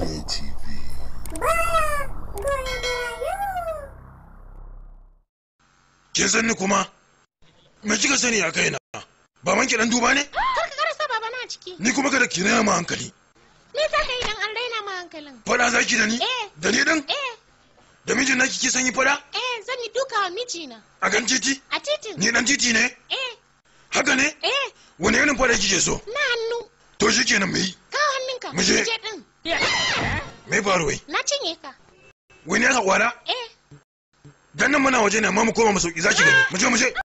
Play TV. E Kin san ni kuma? Me kika sani a kaina? Ba man kiɗan duba ne? Kar ka karasa baba na ciki. Ni kuma kada ki raina ma hankali. Me za ka yi dan an raina ma hankalin? Fada zaki da ni? Eh. Da ni dan? Eh. Da mijin naki ki san yi fada? Eh, zan yi duka wa mijina. A kan titi? A titin. Ni dan titi ne? Eh. Haka ne? Eh. Wani irin fada kike so? Na hannu. To shi kenan mu yi. Ka hannunka. Mu je. ya faru wai na cinye ka wani ya haƙwara eh dan nan muna waje ne amma mu koma mu sauki zaki gani mu je mu je